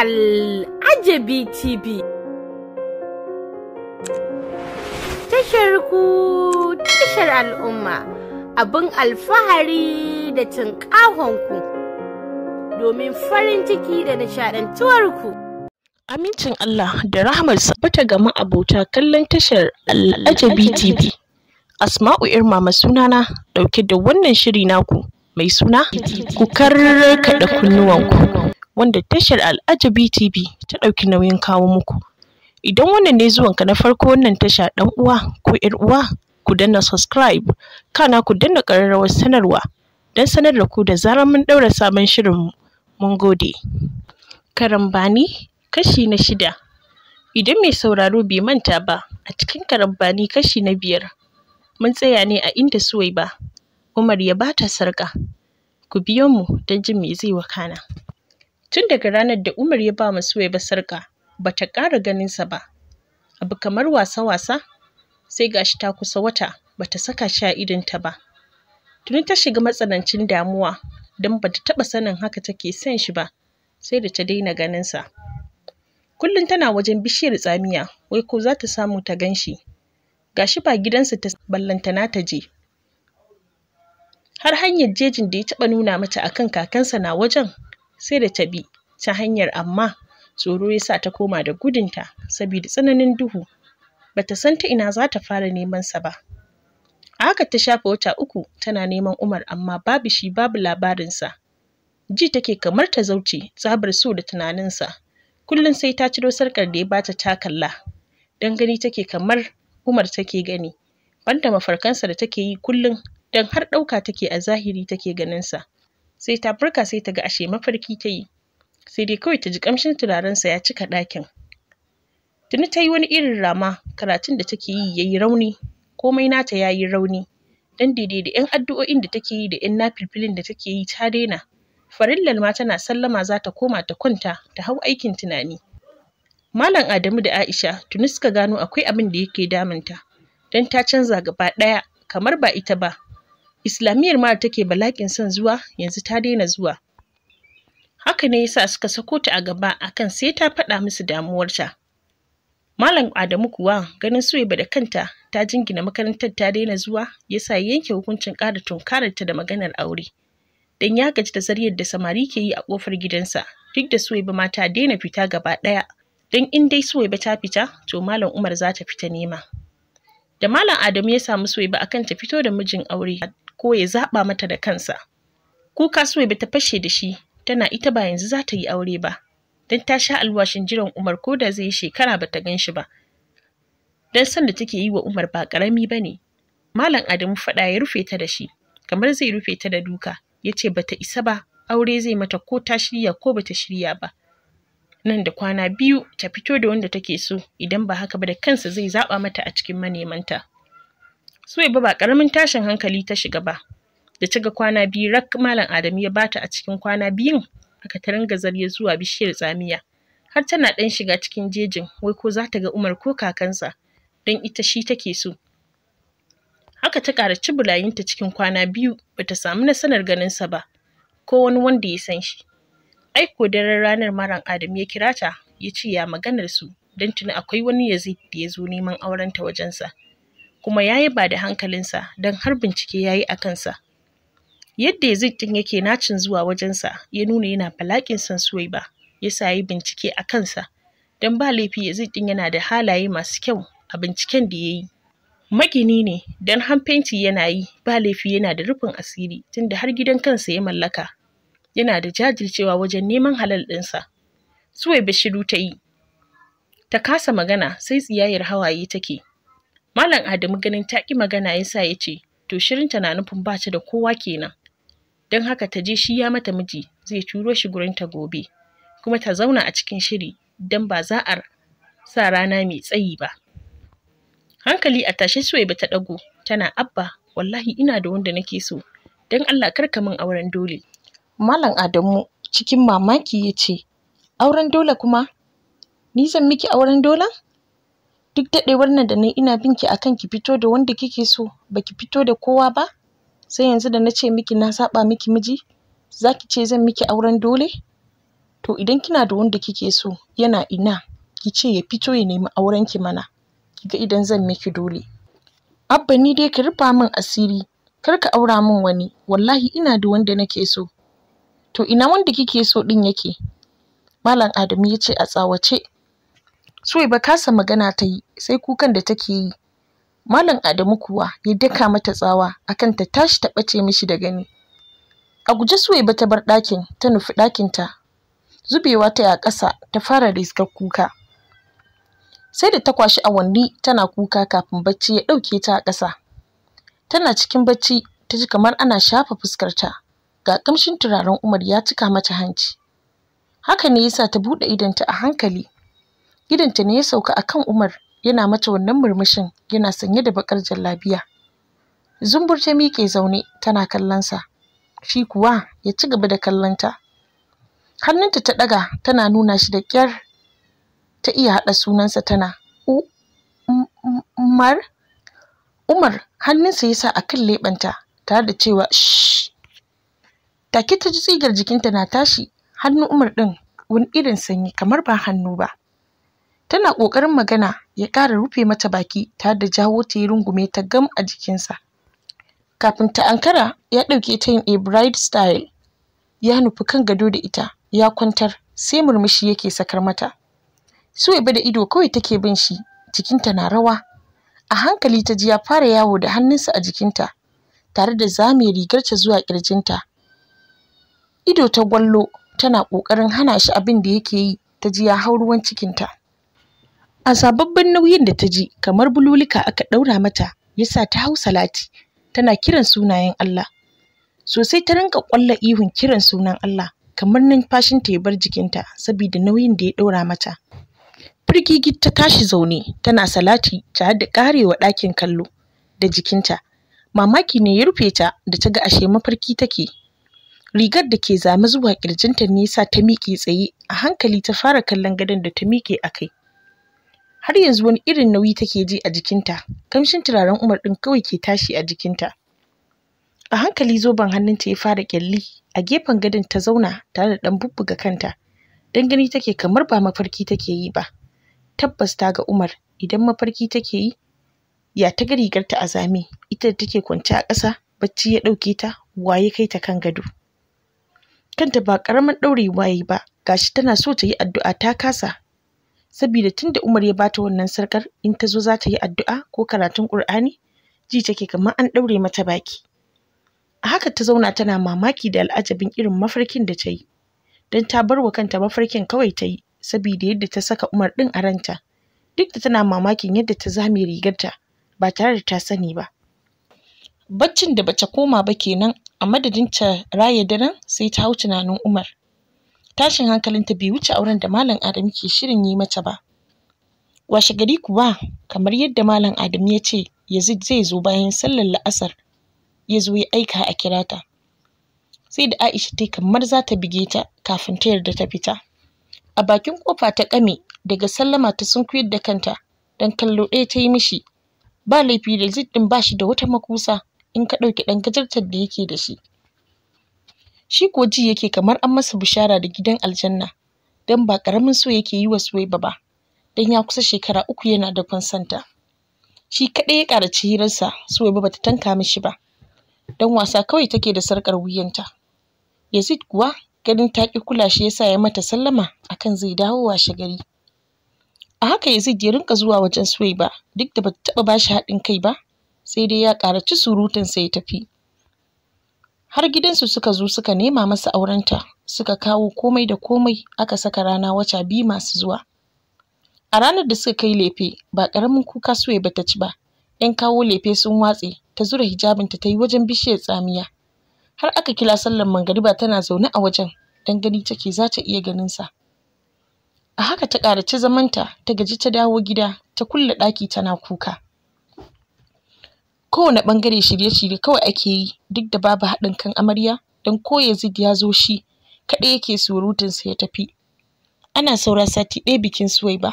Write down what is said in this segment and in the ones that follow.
Al'ajabi TV. Tashar ku tashar al'umma abin alfahari da cin ku domin farin ciki da ku. Amincin Allah da rahmarsa bata gama abota kallon tashar Al'ajabi TV. Asma'u Irma sunana dauke da wannan shiri naku mai suna ku karkaɗa kunnuwanku. wanda tashar Al'ajabi TV ta ɗauki nauyin kawo muku. Idan wannan ne zuwanka na farko wannan tasha ɗan uwa ko ‘yar uwa ku danna subscribe kana ku danna ƙararrawar sanarwa don sanar da ku da zarar mun ɗaura sabon shirin mun gode. Karambani kashi na shida. Idan mai sauraro bai manta ba a cikin karambani kashi na biyar mun tsaya ne a inda ba Umar ya bata sarƙa. ku biyo mu don jin me zai wakana. Tun daga ranar da Umar ya ba Suwaiba sarƙa ba ta ƙara ganinsa ba. Abu kamar wasa-wasa sai gashi ta kusa wata ba ta saka shi a ta ba. Tuni ta shiga matsanancin damuwa don ba ta taɓa sanin haka take son shi ba sai da ta daina ganinsa. Kullum tana wajen bishiyar tsamiya wai ko za ta samu ta gan shi. Gashi ba gidansa ta ballantana ta je. har hanyar jejin da ya taɓa nuna mata akan kakansa na wajen sai da ta bi ta hanyar amma tsoro ya sa ta koma da gudunta saboda tsananin duhu Ba ta san ta ina za ta fara neman sa ba a haka ta shafe wata uku tana neman Umar amma babu shi babu labarinsa ji take kamar ta zauce tsabar so da tunaninsa kullum sai ta ciro sarkar da ya bata ta kalla don gani take kamar Umar take gani banda mafarkansa da take yi kullum don har ɗauka take a zahiri take ganinsa sai ta furka sai ta ga ashe mafarki ta yi sai dai kawai ta ji kamshin sa ya cika ɗakin tuni ta yi wani irin rama karatun da take yi ya yi rauni komai nata ya yi rauni dan daidai da 'yan addu'o'in da take yi da 'yan nafilfilin da take yi ta daina farillal ma tana sallama za ta koma ta kwanta ta hau aikin tunani malam adamu da aisha tuni suka gano akwai abin da yake damunta don ta canza gaba ɗaya kamar ba ita ba islamiyyar ma take balakin son zuwa yanzu ta daina zuwa haka ne yasa suka sako ta a gaba akan sai ta faɗa musu damuwarta malam adamu kuwa ganin suwaiba da kanta ta jingina makarantar ta daina zuwa yasa yanke hukuncin ƙara tunkararta da maganar aure Dan ya gaji da zariyar da samari ke yi a ƙofar gidansa duk da suwaiba ma ta daina fita gaba ɗaya don in dai suwaiba ta fita to malam umar za ta fita nema da malam adamu ya samu ba akan ta fito da mijin aure ko ya zaɓa mata da kansa kuka suwaiba ta fashe da shi tana ita ba yanzu za ta yi aure ba don ta sha alwashin jiran umar ko da zai yi shekara ba ta gan shi ba don san da take yi wa umar ba ƙarami ba ne malam adamu faɗa ya rufe ta da shi kamar zai rufe ta da duka ya ce ta isa ba aure zai mata ko ta shirya ko bata shirya ba nan da kwana biyu ta fito da wanda take so idan ba haka ba da kansa zai zaɓa mata a cikin manemanta suwaiba ba ƙaramin tashin hankali ta shiga ba da ta kwana biyu rak malam adam ya bata a cikin kwana biyun haka ta ringa zarya zuwa bishiyar tsamiya har tana ɗan shiga cikin jejin wai ko za ta ga umar ko kakansa don ita shi take so haka ta ƙara cibulayinta cikin kwana biyu bata samu nasarar ganinsa ba ko wani wanda ya san shi Aiko daren ranar Maran Adam ya kira ta ya ce ya maganar su don tuni akwai wani Yazid da ya zo neman aurenta wajensa. Kuma ya yi ba da hankalinsa don har bincike ya yi a kansa. Yadda Yazid ɗin yake nacin zuwa wajensa ya nuna yana balaƙin son ba ya sa yi bincike a kansa. Don ba laifi Yazid ɗin yana da halaye masu kyau a binciken da ya yi. Magini ne don hanfenti yana yi ba laifi yana da rufin asiri tunda har gidan kansa ya mallaka yana da jajircewa wajen neman halal ɗinsa. Suwai Bashiru ta yi. Ta kasa magana sai tsiyayar hawaye take. Malam Adamu ganin ta ƙi magana ya sa ya ce, to shirinta na nufin ba ta da kowa kenan. Don haka ta je shi ya mata miji zai turo shi gurinta gobe, kuma ta zauna a cikin shiri don ba za a sa rana mai tsayi ba. Hankali a tashe Suwai ba ta ɗago, tana abba, wallahi ina da wanda nake so, don Allah kar ka min auren dole. Malam Adamu cikin mamaki ya ce, auren dole kuma? Ni zan miki auren dole? Duk daɗewar nan da na ina bin ki akan ki fito da wanda kike so, baki fito da kowa ba? Sai yanzu da na ce miki na saɓa miki miji, za ki ce zan miki auren dole? To idan kina da wanda kike so yana ina, ki ce ya fito ya nemi auren ki mana, ki ga idan zan miki dole. Abba ni dai ka rufa min asiri, kar ka aura min wani, wallahi ina da wanda nake so. to ina wanda kike so din yake malam adamu ya ce a tsawace suwaiba kasa magana ta yi sai kukan da take yi malam adamu kuwa ya daka mata tsawa akan ta tashi ta ɓace mishi da gani a guje suwaiba ta bar ɗakin ta nufi ɗakinta zubewa ta a ƙasa ta fara riskar kuka sai da ta kwashi awanni tana kuka kafin bacci ya ɗauke ta a ƙasa tana cikin bacci ta ji kamar ana shafa fuskarta ga kamshin turaren Umar ya cika mata hanci haka ne yasa ta buɗe idonta a hankali Gidanta ne ya sauka akan Umar yana mata wannan murmushin yana sanye da bakar jallabiya zumbur ta miƙe zaune tana kallonsa, shi kuwa ya ci gaba da kallonta. hannunta ta ɗaga tana nuna shi da ƙyar ta iya haɗa sunansa tana Umar Umar hannunsa ya sa a kan leɓenta tare da cewa shh take ta ji tsigar jikinta na tashi hannu umar ɗin wani irin sanyi kamar ba hannu ba tana ƙoƙarin magana ya ƙara rufe mata baki tare da jawo ta yi rungume ta gam a jikinsa kafin ta ankara ya ɗauke ta yin a bride style ya nufi kan gado da ita ya kwantar sai murmushi yake sakar mata suwaiba da ido kawai take bin shi jikinta na rawa a hankali ta ji ya fara yawo da hannunsa a jikinta tare da zame rigarta zuwa ƙirjinta ido ta gwallo tana ƙoƙarin hana shi abin da yake yi ta ji ya hau ruwan cikinta a sababbin nauyin da ta ji kamar bululika aka ɗaura mata ya sa ta hau salati tana kiran sunayen Allah sosai ta rinka ƙwalla ihun kiran sunan Allah kamar ta ya bar jikinta saboda nauyin da ya ɗaura mata firgigit ta tashi zaune tana salati tare da ƙarewa ɗakin kallo da jikinta mamaki ne ya rufe ta da ta ga ashe mafarki take rigar da ke zame zuwa ƙirjinta ne ta miƙe tsaye a hankali ta fara kallon gadon da ta miƙe a kai har yanzu wani irin nauyi take ji a jikinta kamshin turaren umar ɗin kawai ke tashi a jikinta a hankali zoben hannunta ya fara ƙyalli a gefen gadon ta zauna tare da ɗan bubbuga kanta don gani take kamar ba mafarki take yi ba tabbas ta ga umar idan mafarki take yi ya ta ga rigarta a zame ita da take kwance a ƙasa bacci ya ɗauke ta waye kai ta kan gado kanta ba ƙaramin ɗaurewa waye ba ba gashi tana so ta yi addu'a ta kasa saboda tunda Umar ya bata wannan sarkar in ta zo za ta yi addu'a ko karatun Ƙur'ani ji take kamar an ɗaure mata baki a haka ta zauna tana mamaki da al'ajabin irin mafarkin da ta yi don ta bar wa kanta mafarkin kawai ta yi sabida yadda ta saka Umar ɗin a ranta duk da tana mamakin yadda ta zame rigarta ba tare da ta sani ba baccin da bace koma ba kenan a madadin ta raya daren sai ta hau tunanin Umar. Tashin hankalinta bai wuce auren da Malam Adam ke shirin yi mata ba. Washe gari kuwa kamar yadda Malam Adam ya ce Yazid zai zo bayan sallar la'asar ya zo ya aika a kirata. Sai da Aisha ta kamar za ta bige ta kafin ta yarda ta fita. A bakin kofa ta kame daga sallama ta sun kuyar da kanta don kallo ɗaya ta yi mishi ba laifi da zid ɗin ba shi da wata makusa in ka ɗauki ɗan gajartar da yake da shi shi kuwa ji yake kamar an masa bishara da gidan aljanna don ba ƙaramin so yake yi wa Suwaiba ba don ya kusa shekara uku yana da kwansanta shi kaɗai ya ƙaraci hirarsa Suwaiba ta tanka mishi ba don wasa kawai take da sarƙar wuyanta Yazid kuwa ganin ta ƙi kula shi ya sa ya mata sallama akan zai dawo washe gari a haka Yazid ya rinka zuwa wajen Suwaiba duk da bata taɓa bashi haɗin kai ba sai dai ya ƙaraci surutun sai ya tafi har gidansu suka zo suka nema masa aurenta suka kawo komai da komai aka saka rana wata biyu masu zuwa a ranar da suka kai lefe ba ƙaramin kuka suwe ba ta ci ba ‘yan kawo lefe sun watse ta zura hijabinta ta yi wajen bishiyar tsamiya har aka kila sallar mangariba tana zaune a wajen dan gani take za ta iya sa a haka ta ƙaraci zamanta ta gaji ta dawo gida ta kulle ɗaki tana kuka kowane bangare shirye-shirye kawai ake yi duk da babu haɗin kan amarya don ko Yazid ya zo shi kaɗai yake sa ya tafi ana saura sati ɗaya bikin Suwaiba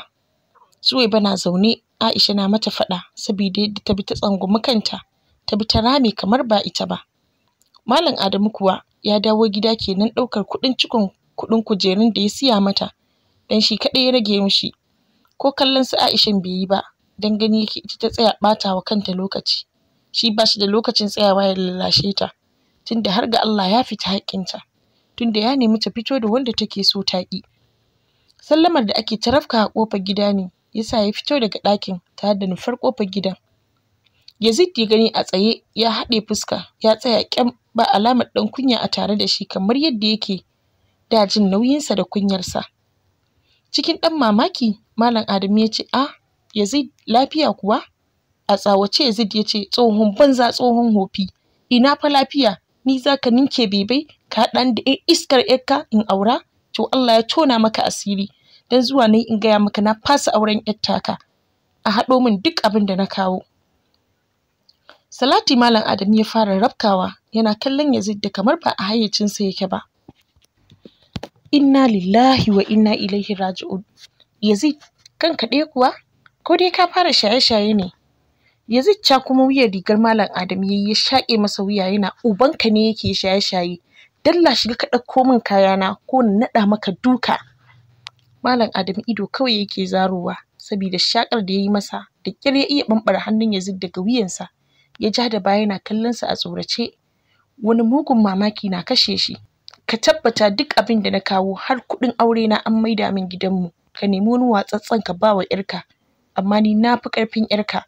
ba na zaune Aisha na mata faɗa saboda yadda ta bi ta tsangwami kanta ta bi ta rame kamar ba ita ba Malam Adamu kuwa ya dawo gida kenan ɗaukar kuɗin cikon kuɗin kujerun da ya siya mata dan shi kaɗai ya rage mishi ko kallon su Aishan bai yi ba dan gani yake ita ta tsaya ɓata wa kanta lokaci shi ba shi da lokacin tsayawa ya lallashe ta tunda har ga Allah ya fita haƙƙinta tunda ya nemi ta fito da wanda take so ta ƙi sallamar da ake ta rafka a ƙofar gida ne yasa ya fito daga ɗakin tare da nufar ƙofar gidan Yazid ya gani a tsaye ya haɗe fuska ya tsaya ƙyam ba alamar ɗan kunya a tare da shi kamar yadda yake da jin nauyinsa da kunyarsa cikin ɗan mamaki malam Adamu ya ce a ah, Yazid lafiya kuwa a tsawace Yazid ya ce tsohon banza tsohon hofi ina fa lafiya ni zaka ninke bebai ka haɗa da iskar yakka in aura to Allah ya tona maka asiri dan zuwa ne in gaya maka na fasa auren yattaka a haɗo min duk abin da na kawo Salati Malam Adam ya fara rabkawa yana kallon Yazid da kamar ba a hayyacinsa yake ba. Inna lillahi wa inna ilaihi raji'un. Yazid kanka ɗaya kuwa? Ko dai ka fara shaye-shaye ne? ya zucca kuma wuyar rigar malam adam yi ya shaƙe masa wuya yana ubanka ne yake shaye shaye dalla shiga ka ɗauko min kayana ko na naɗa maka duka malam adam ido kawai yake zarowa saboda shakar da ya yi masa da ƙyar ya iya ɓamɓara hannun Yazid daga wuyansa ya ja da baya yana kallon sa a tsorace wani mugun mamaki na kashe shi ka tabbata duk abin da na kawo har kuɗin aure na an maida min gidanmu ka nemi wani watsatsen ka wa yarka amma ni na fi ƙarfin yarka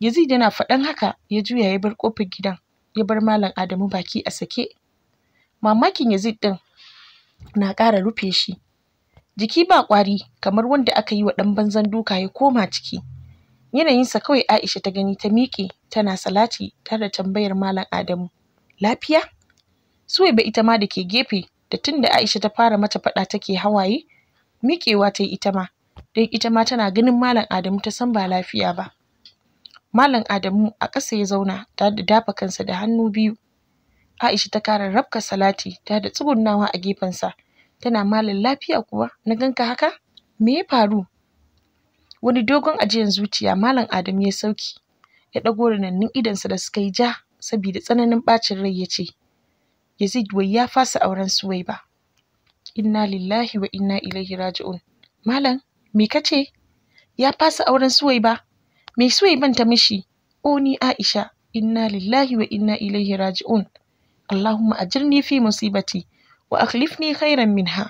Yazid yana faɗan haka ya juya ya bar ƙofar gidan ya bar Malam Adamu baki a sake. Mamakin Yazid ɗin na ƙara rufe shi. Jiki ba ƙwari kamar wanda aka yi wa ɗan banzan duka ya koma ciki. Yanayinsa kawai Aisha ta gani ta miƙe tana salati tare tambayar Malam Adamu. Lafiya? Suwaiba ita ma da ke gefe da tun da Aisha ta fara mata faɗa take hawaye, miƙewa ta yi ita ma, don ita ma tana ganin Malam Adamu ta san ba lafiya ba. Malam Adamu a ƙasa ya zauna tare da dafa kansa da hannu biyu. Aisha ta kara rabka salati ta da tsugunnawa a gefen sa. Tana malam lafiya kuwa na ganka haka? Me ya faru? Wani dogon ajiyan zuciya Malam Adamu ya sauki. Ya ɗago rinannun idonsa da suka yi ja saboda tsananin ɓacin rai ya ce, Yazid wai ya fasa auren Suwaiba. Inna lillahi wa inna ilaihi raji'un. Malam, me kace Ya fasa auren Suwaiba? Me Suwaiban ta mishi? O ni Aisha, inna lillahi wa inna ilaihi raji'un. Allahumma ajirni fi musibati wa akhlifni khairan minha.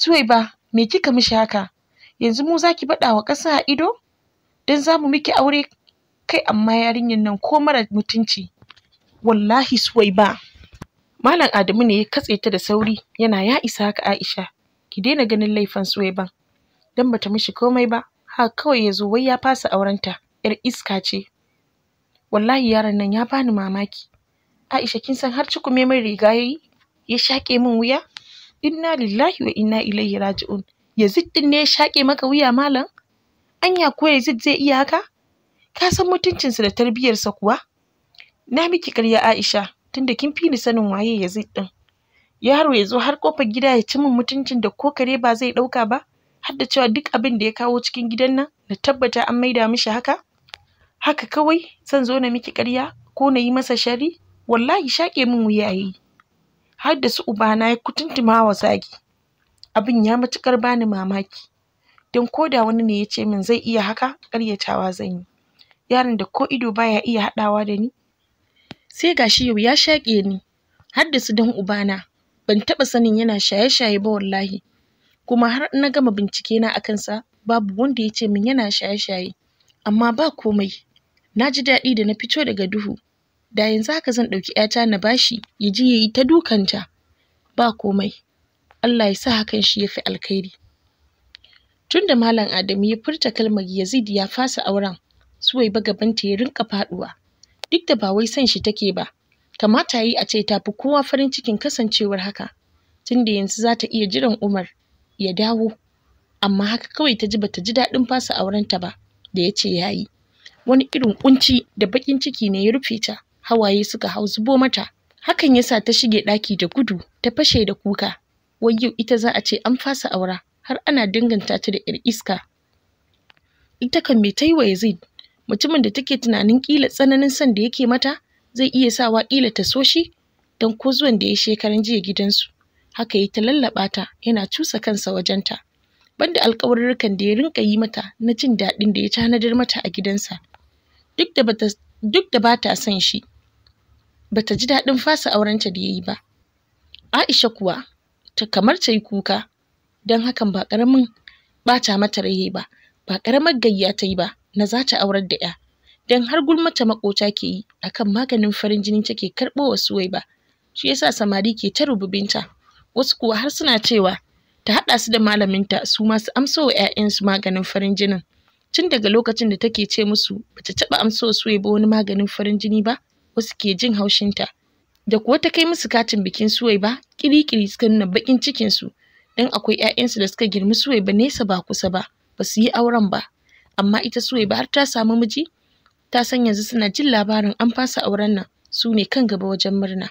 Suwaiba, me kika mishi haka? Yanzu mu zaki bada wa ƙasa a ido? Dan zamu miki aure kai amma yarinyar nan ko mara mutunci. Wallahi Suwaiba. Malam Adamu ne ya katse ta da sauri yana ya isa haka Aisha. Ki daina ganin laifin Suwaiban. Dan bata mishi komai ba. haka kawai ya zo wai ya fasa aurenta yar iska ce wallahi yaron nan ya bani mamaki Aisha kin san har cikume min riga yayi ya shaƙe min wuya inna lillahi wa inna ilaihi raji'un Yazid din ne ya shaƙe maka wuya malam anya ko Yazid zai iya haka ka san mutuncinsa da tarbiyyarsa kuwa na miki ƙarya Aisha tunda kin fi ni sanin waye Yazid din yaro ya zo har kofar gida ya ci min mutuncin da ko kare ba zai ɗauka ba har da cewa duk abin da ya kawo cikin gidan nan na tabbata an maida mishi haka haka kawai zan zo na miki ƙarya ko na yi masa shari wallahi shaƙe min wuya yayi har da su ubana ya kutuntuma wa zagi abin ya matuƙar bani mamaki don ko da wani ne ya ce min zai iya haka ƙaryatawa zan yi yaron da ko ido baya iya haɗawa da ni sai gashi yau ya shaƙe ni har da su don ubana ban taɓa sanin yana shaye-shaye ba wallahi kuma har na gama bincike na akan sa babu wanda ya ce min yana shaye-shaye amma ba komai na ji daɗi da na fito daga duhu da yanzu haka zan ɗauki ‘yata na bashi ya yayi ya yi ta dukanta ba komai Allah ya sa hakan shi ya fi alkhairi Tunda da malam Adamu ya furta kalmar Yazid ya fasa auren Suwaiba ta ya rinka faɗuwa duk da ba wai son shi take ba kamata yi a ce tafi kowa farin cikin kasancewar haka tunda yanzu za ta iya jiran Umar ya dawo amma haka kawai ta ji bata ji daɗin fasa auren ta ba da ya ce ya yi wani irin kunci da baƙin ciki ne ya rufe ta hawaye suka hau zubo mata hakan ya sa ta shige ɗaki da gudu ta fashe da kuka wai yau ita za a ce an fasa aura har ana danganta ta da ƴar iska ita kan mai ta yi wa Yazid mutumin da take tunanin ƙila tsananin son da yake mata zai iya sawa kila ta so shi don ko zuwan da ya shekaran jiya gidansu haka ya ta lallaɓa ta yana cusa kansa wajenta banda alƙawarurrukan da ya rinka yi mata na jin daɗin da ya tanadar mata a gidansa duk da bata son shi bata ji daɗin fasa aurenta da ya yi ba Aisha kuwa ta kamar ta yi kuka don hakan ba ƙaramin ɓata mata rai ba ba ƙaramar gayya ta yi ba na za ta aurar da 'ya don har gulmata maƙota ke yi akan maganin farin jini take karɓo wa suwai ba shi yasa samari ke ta rububinta wasu kuwa har suna cewa ta haɗa su da malaminta su masu su wa 'ya'yansu maganin farin jinin tun daga lokacin da take ce musu bata taɓa amso su ba wani maganin farin jini ba wasu ke jin haushinta da kuwa ta kai musu katin bikin suwai ba kirikiri suka nuna bakin cikin su dan akwai 'ya'yansu da suka girmi suwai ba nesa ba kusa ba ba su yi auren ba amma ita suwai ba har ta samu miji ta san yanzu suna jin labarin an fasa auren nan su ne kan gaba wajen murna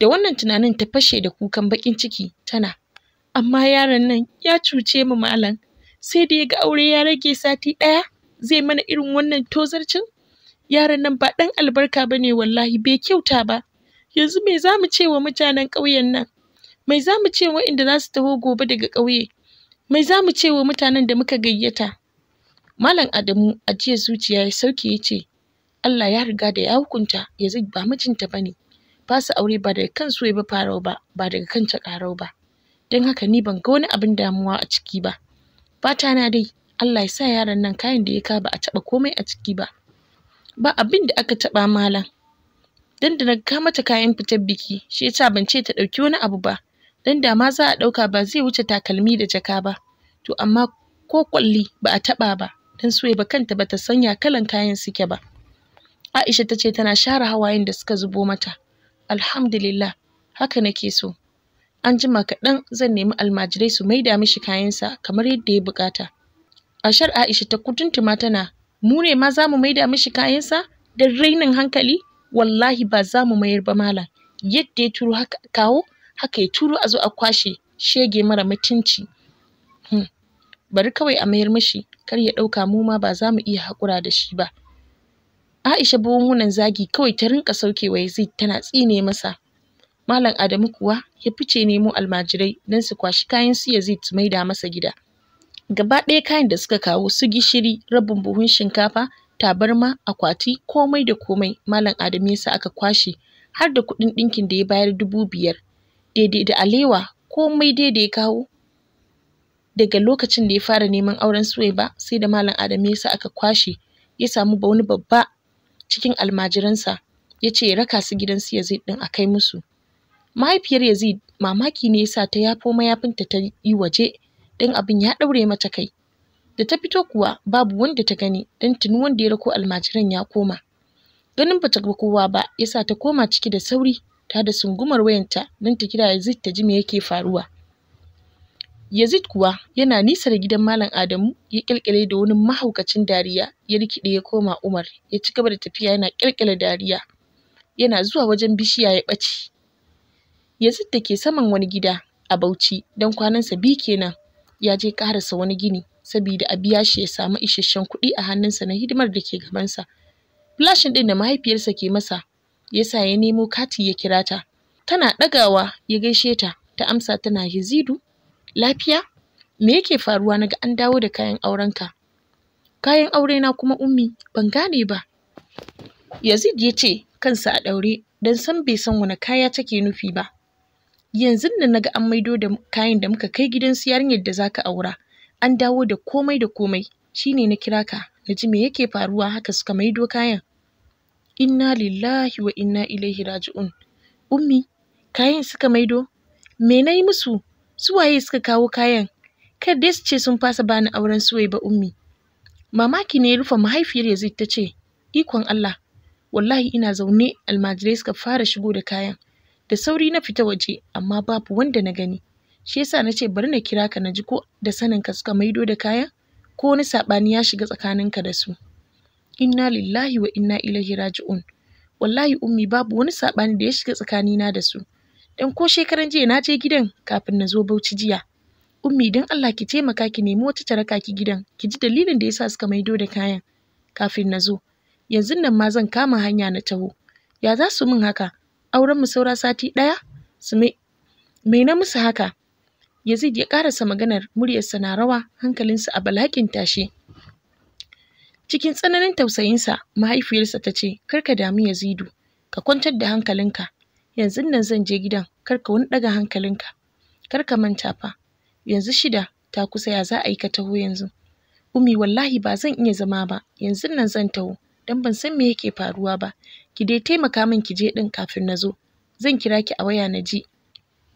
da wannan tunanin ta fashe da kukan bakin ciki tana amma yaron nan ya cuce mu malam sai da ya ga aure ya rage sati ɗaya zai mana irin wannan tozarcin yaron nan ba dan albarka ba ne wallahi bai kyauta ba yanzu me za mu ce wa mutanen ƙauyen nan mai za mu ce inda za su taho gobe daga ƙauye mai za mu ce wa mutanen da muka gayyata malam adamu a jiya zuciya ya sauke ya ce allah ya riga da ya hukunta yanzu ba mijinta ba ne Ba su aure ba daga kan soyayya ba farau ba ba daga kan cakarau ba don haka ni ban ga wani abin damuwa a ciki ba fata na dai Allah ya sa yaran nan kayan da ya ka ba a taba komai a ciki ba ba abin da aka taba malam dan da na ka mata kayan fitar biki shi yasa ban ce ta dauki wani abu ba dan da ma za a dauka ba zai wuce takalmi da jaka ba to amma ko kwalli ba a taba ba dan suwe ba kanta ba ta sanya kalan kayan suke ba Aisha ta ce tana share hawayen da suka zubo mata alhamdulillah haka nake so an jima kaɗan zan nemi almajirai su maida mishi kayansa kamar yadda ya bukata shar aisha ta kutuntuma tana mu ne ma za mu maida mishi kayansa don rainin hankali wallahi ba za mu mayar ba malam yadda ya turo haka kawo haka ya turo a zo a kwashe shege mara mutunci hmm, bari kawai a mayar mishi kar ya ɗauka mu ma ba za mu iya haƙura da shi ba Aisha buhunhunan zagi kawai ta rinka saukewa Yazid tana tsine masa. Malam Adamu kuwa ya fice nemo almajirai don su kwashi kayan su Yazid su maida masa gida. Gaba ɗaya kayan da suka kawo su gishiri, rabin buhun shinkafa, tabarma, akwati, komai da komai Malam Adamu ya sa aka kwashe har da kuɗin ɗinkin da ya bayar dubu biyar. Daidai da alewa komai dai da ya kawo daga lokacin da ya fara neman auren Suwaiba sai da Malam Adamu ya sa aka kwashe ya samu wani babba cikin almajiransa ya ce ya raka su gidan su Yazid ɗin a kai musu. Mahaifiyar Yazid mamaki ne yasa ta yafo mayafinta ta yi waje don abin ya ɗaure mata kai. Da ta fito kuwa babu wanda ta gani don tuni wanda ya rako almajiran ya koma. Ganin bata ga kowa ba yasa ta koma ciki da sauri ta da sungumar wayanta don ta kira Yazid ta ji me yake faruwa. Yazid kuwa yana nisa da gidan Malam Adamu ya ƙyalƙyale da wani mahaukacin dariya ya rikiɗe ya koma Umar ya ci gaba da tafiya yana ƙyalƙyale dariya. Yana zuwa wajen bishiya ya ɓace. Yazid da ke saman wani gida a Bauchi don kwanansa biyu kenan ya je ƙarasa wani gini saboda a biya shi ya samu isasshen kuɗi a hannunsa na hidimar da ke gabansa. Filashin ɗin da mahaifiyarsa ke masa ya sa ya nemo kati ya kira ta. Tana ɗagawa ya gaishe ta ta amsa tana Yazidu lafiya me yake faruwa naga an dawo da kayan aurenka kayan aure na kuma ummi ban gane ba Yazid ya ce kansa a ɗaure don san bai san wani kaya take nufi ba yanzu da naga an maido da kayan da muka kai gidan su yarinyar da zaka aura an dawo da komai da komai shine na kira ka na ji me yake faruwa haka suka maido kayan inna lillahi wa inna ilaihi raji'un ummi kayan suka maido me nayi musu su waye suka kawo kayan kar dai su ce sun fasa bani auren suwaye ba ummi mamaki ne ya rufe mahaifiyar yazid ta ce ikon allah wallahi ina zaune almajirai suka fara shigo da kayan da sauri na fita waje amma babu wanda na gani shi yasa na ce bari na kira ka na ji ko da saninka suka maido da kayan ko wani saɓani ya shiga tsakaninka da su inna lillahi wa inna ilaihi raji'un wallahi ummi babu wani saɓani da ya shiga tsakanina da su Dan ko shekaran jiya na je gidan kafin na zo Bauchi jiya. Ummi dan Allah ki taimaka ki nemi wata ta raka ki gidan, ki ji dalilin da yasa suka maido da kayan kafin na zo. Yanzun nan ma zan kama hanya na taho. Ya za su min haka? Auren mu saura sati ɗaya? Su mai mai na musu haka? Yazid ya karasa maganar muryarsa na rawa hankalinsa a balakin tashe. Cikin tsananin tausayinsa mahaifiyarsa ta ce, ka damu Yazidu, ka kwantar da hankalinka, yanzun nan zan je gidan kar ka wani ɗaga hankalinka kar ka manta fa yanzu shida ta kusa ya za a yi ka taho yanzu Umi wallahi ba zan iya zama ba yanzun nan zan taho dan ban san me yake faruwa ba ki dai taimaka min ki je ɗin kafin na zo zan kira ki a waya na ji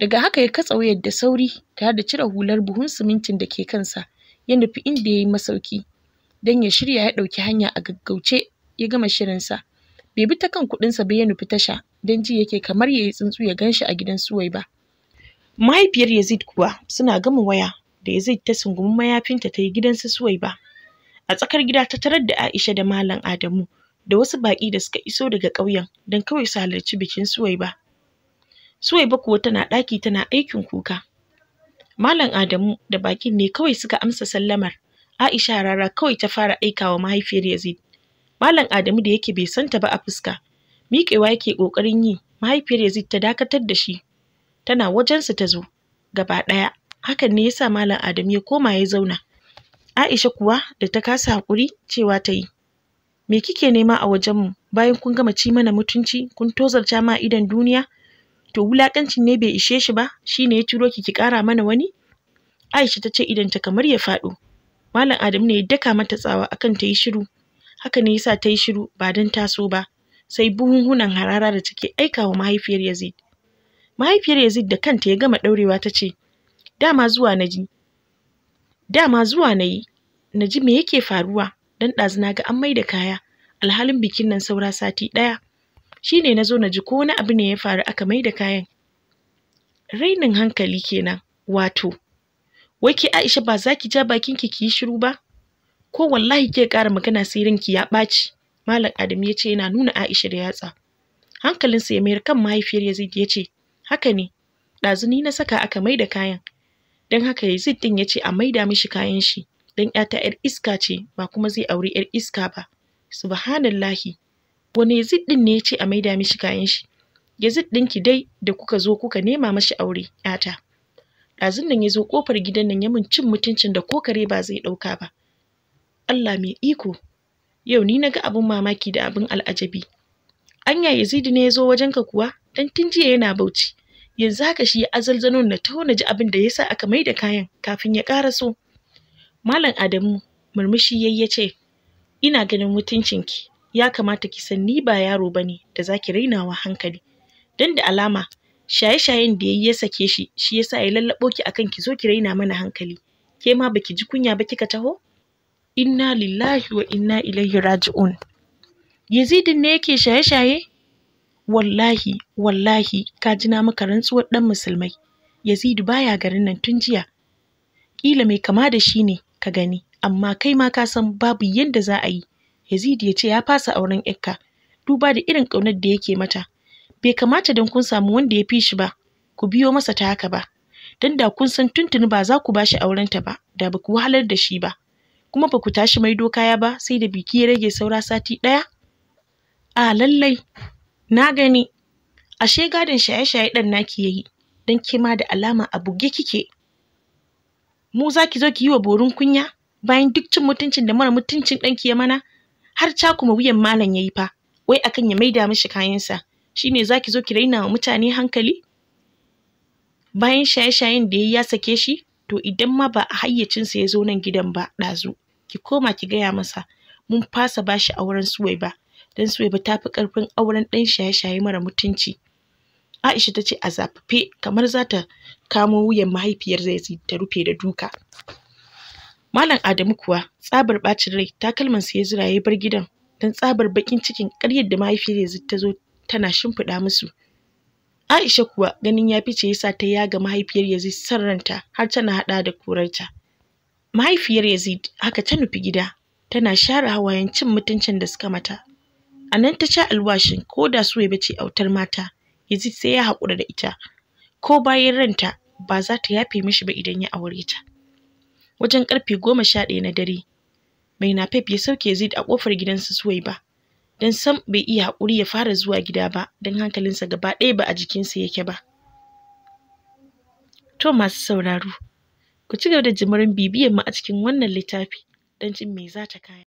daga haka ya katsa wayar da sauri tare da cire hular buhun simintin da ke kansa ya nufi inda ya yi masauki don ya shirya ya ɗauki hanya a gaggauce ya gama shirinsa bai bi ta kan kuɗinsa ba ya nufi tasha don ji yake kamar yayi yi tsuntsu ya gan a gidan Suwaiba. Mahaifiyar Yazid kuwa suna gama waya da Yazid ta sungumi mayafinta ta yi gidan su Suwaiba. A tsakar gida ta tarar da Aisha da Malam Adamu da wasu baƙi da suka iso daga ƙauyen don kawai su halarci bikin Suwaiba. Suwaiba kuwa tana ɗaki tana aikin kuka. Malam Adamu da baƙin ne kawai suka amsa sallamar. Aisha rara kawai ta fara aikawa mahaifiyar Yazid. Malam Adamu da yake bai santa ba a fuska, miƙewa yake ƙoƙarin yi mahaifiyar Yazid ta dakatar da shi tana wajensa ta zo gaba ɗaya hakan ne yasa malam Adam ya koma ya zauna Aisha kuwa da ta kasa haƙuri cewa ta yi me kike nema a wajenmu bayan kun gama ci mana mutunci kun tozarta ma idan duniya to wulaƙancin ne bai ishe shi ba shine ya turo ki ki ƙara mana wani Aisha ta ce idan ta kamar ya faɗo Malam Adam ne ya daka mata tsawa akan ta yi shiru haka ne yasa ta yi shiru ba don taso ba sai buhunhunan harara da take wa mahaifiyar Yazid. Mahaifiyar Yazid da kanta ya gama ɗaurewa ta ce, dama zuwa na ji, dama zuwa na yi, na ji me yake faruwa don ɗazina ga an mai da kaya, alhalin bikin nan saura sati ɗaya. Shi ne na zo na ji ko wani abu ne ya faru aka mai da kayan. Rainin hankali kenan, wato, wai ke Aisha ba za ki ja bakinki ki yi shiru ba? Ko wallahi ke ƙara magana sai ranki ya ɓaci. Malam Adam ya ce yana nuna Aisha da yatsa. Hankalinsa ya mayar kan mahaifiyar Yazid ya ce, Haka ne, ni na saka aka maida kayan. Don haka Yazid ɗin ya ce a maida mishi kayan shi, don ‘yata ‘yar iska ce ba kuma zai auri ‘yar iska ba. Subhanallahi, wani Yazid ɗin ne ya ce a maida mishi kayan shi. Yazid ɗin ki dai da kuka zo kuka nema mashi aure ‘yata. Ɗazun nan ya zo ƙofar gidan nan ya mun cin mutuncin da ko kare ba zai ɗauka ba. Allah mai iko yau ni na ga abin mamaki da abin al'ajabi anya yazidi ne ya zo ka kuwa dan tun jiya yana bauchi yanzu haka shi ya azalzano na taho na ji abin da yasa aka mai da kayan kafin ya ƙara so malam adamu murmushi yayi yace ina ganin mutuncinki ya kamata ki san ni ba yaro bane da zaki rainawa hankali dan da alama shaye-shayen da yayi ya sake shi shi yasa ya lallabo ki akan ki zo ki raina mana hankali ke ma baki ji kunya ba kika taho inna lillahi wa inna ilaihi raji'un yazidin ne yake shaye-shaye wallahi wallahi ka ji na maka rantsuwar dan musulmai yazidu baya garin nan tun jiya kila mai kama da shi ne ka gani amma kai ma ka san babu yadda za a yi yazidu ya ce ya fasa auren ikka duba da irin ƙaunar da yake mata bai kamata don kun samu wanda ya fi shi ba ku biyo masa ta haka ba don da kun san tuntuni ba za ku ba shi aurenta ba da ba ku wahalar da shi ba kuma ba ku tashi maido kaya ba sai da biki ya rage saura sati ɗaya? A lallai, na gani, ashe gadon shaye-shaye ɗan naki yayi, don kima da alama a buge kike. Mu za ki zo ki yi wa borin kunya bayan duk cin mutuncin da mara mutuncin ɗanki ya mana, har cakuma wuyan malam ya yi fa, wai akan ya maida mishi kayansa, Shi ne za ki zo ki raina wa mutane hankali? Bayan shaye-shayen da ya sake shi, to idan ma ba a hayyacinsa ya zo nan gidan ba ɗazu ki koma ki gaya masa mun fasa bashi auren suwai ba don Suwaiba ta fi ƙarfin auren ɗan shaye-shaye mara mutunci. Aisha ta ce a zafafe kamar za ta kamo wuyan mahaifiyar zai ta rufe da duka. Malam Adamu kuwa tsabar bacin rai takalmansa ya zura ya bar gidan don tsabar baƙin cikin ƙaryar da mahaifiyar zai ta zo tana shimfiɗa musu. Aisha kuwa ganin ya fice yasa ta yaga mahaifiyar Yazid san ranta har tana hada da kurarta. Mahaifiyar Yazid haka ta nufi gida tana share hawayen cin mutuncin da suka mata. A nan ta ci alwashin ko da su ce autar mata, Yazid sai ya haƙura da ita. Ko bayan ranta ba za ta yafe mishi ba idan ya aure ta. Wajen ƙarfe goma sha ɗaya na dare, mai nafef ya sauke Yazid a ƙofar gidansu ba don sam bai iya haƙuri ya fara zuwa gida ba don hankalinsa gaba ɗaya ba a jikinsa yake ba. To masu sauraro, ku ci gaba da jimirin bibiyan mu a cikin wannan littafi don jin me za ta kaya.